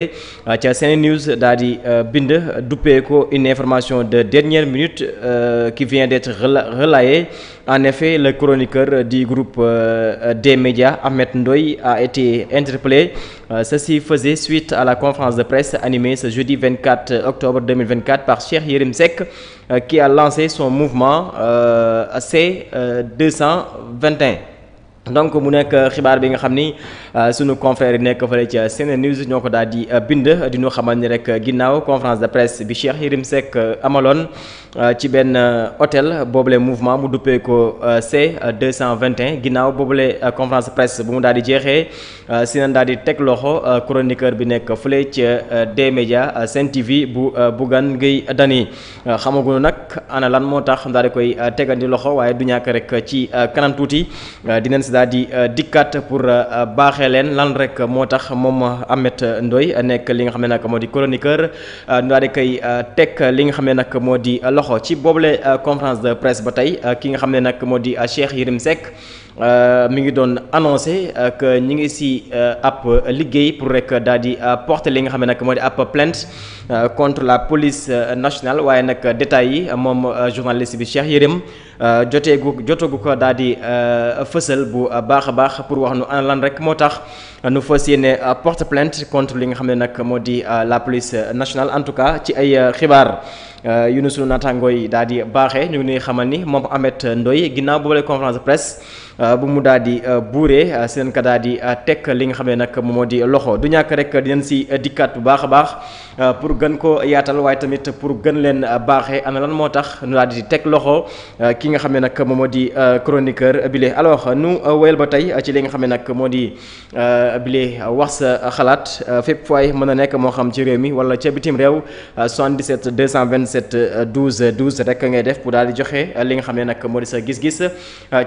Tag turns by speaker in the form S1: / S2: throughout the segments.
S1: Euh, ca Sen News daal di euh, bind duppee ko une information de dernière minute euh, qui vient d'être relayée en effet le chroniqueur du groupe euh, des médias Ahmed Ndoye a été interpellé euh, ceci faisait suite à la conférence de presse animée ce jeudi 24 octobre 2024 par Cheikh Yérim Seck euh, qui a lancé son mouvement C221 donc mu nekk xibaar bi nga xam ni euh, sunu confrère yi nekk fële ca Sene News ñoo ko daal di euh, bind di ñu xamal ni rek ginnaaw conférence de presse bi Cheikh Yérim Seck euh, amaloon ci benn hôtel boobule mouvement mu duppee ko C221 ginnaaw boobule conférence de presse bu mu daal di jeexee Sene daal di teg loxo chroniqueur bi nekk fële ca D-Media sent TV bu Bougane Gueye Dany xamaguñu nag ana lan moo tax daal di koy tegandi loxo waaye du ñàkk rek ci kanam tuuti dinañ daal di euh, dikkaat pour euh, baaxee leen lan rek moo tax moom Ameth Ndoye nekk li nga xam ne nag moo di chroniqueur ñu euh, daal di koy teg li nga xam ne nag moo di loxo ci boobule conférence de presse ba tey ki nga xam ne nag moo di Cheikh Yérim Seck Euh, mi ngi doon annoncé euh, que ñi ngi si euh, ab liggéey pour rek daal di porter li nga xam ne nag moo di ab plainte contre la police nationale waaye nag détails yi moom journaliste bi Cheikh Yérim joteegu jotagu ko daal di fësal bu baax a baax pour wax nu an lan rek moo tax nu fas yéene porte plainte contre li nga xam ne nag moo di la police nationale en tout cas ci ay xibaar yu nu sunu naataangoo yi daal di baaxee ñu ngi nuy xamal ni moom Ameth Ndoye ginnaaw boobale conférence Euh, bu mu daal di euh, buuree euh, seen ka daal di teg li nga xam ne nag moo moo di loxo du ñàkk rek dinañ si dikkaat bu baax a baax pour gën ko yaatal waaye tamit pour gën leen baaxee ana lan moo tax nu daal di teg loxo ki nga xam ne nag moo di chroniqueur bile alors nu wéyal ba tey ci li nga xam ne nag moo di bile wax sa xalaat fépp fooy mën a nekk moo xam ci réew mi wala ca bitim réew 77 227 12 12 rek ngay def pour daal di joxe li nga xam ne nag moo di sa gis-gis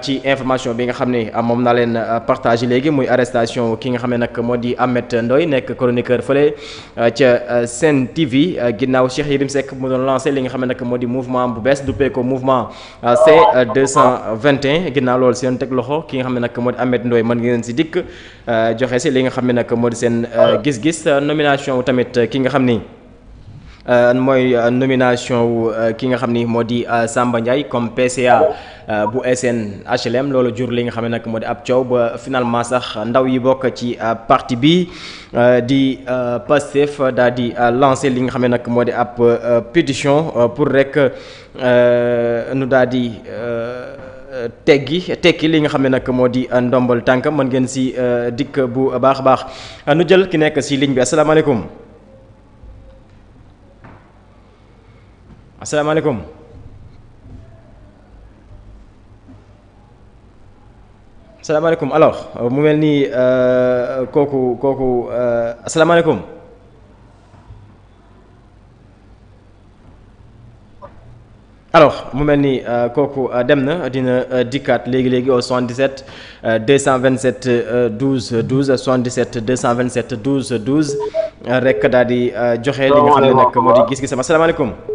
S1: ci information bi. nga xam ne ah, moom naa leen ah, partage léegi muy arrestation ki nga xam ne nag moo di Ahmed Ndoye nekk chroniqueur fële ah, ca seen TV ginnaaw Cheikh Yérim Seck mu doon lancé li nga xam ne nag moo di mouvement bu bees duppee ko mouvement C221 ginnaaw loolu seen teg loxo ki nga xam ne nag moo di Ahmed Ndoye mën ngeen si dikk joxe si li nga xam ne nag moo di seen gis-gis nomination tamit ki nga xam ni Euh, mooy euh, nomination wu euh, ki nga xam ni moo di Samba Ndiaye comme PCA bu SN HLM loolu jur li nga xam ne nag moo di ab coow finalement sax ndaw yi bokk ci parti bi di Pastef daal di lancé li nga xam ne nag moo di ab pétition pour rek nu daal di. teggi tekki li nga xam ne nag moo di ndombal tànk mën ngeen si dikk bu baax a baax nu jël ki nekk si ligne bi asalaamaaleykum asalaamaaleykum asalaamaaleykum alors mu uh, mel nii kooku kooku asalaamaaleykum. alors mu mel ni kooku dem na dina uh, dikkaat léegi-léegi au 77 227 12 12 77 227 12 12 rek daal di uh, joxe li nga xam ne nag moo di gis-gisam asalaamaaleykum.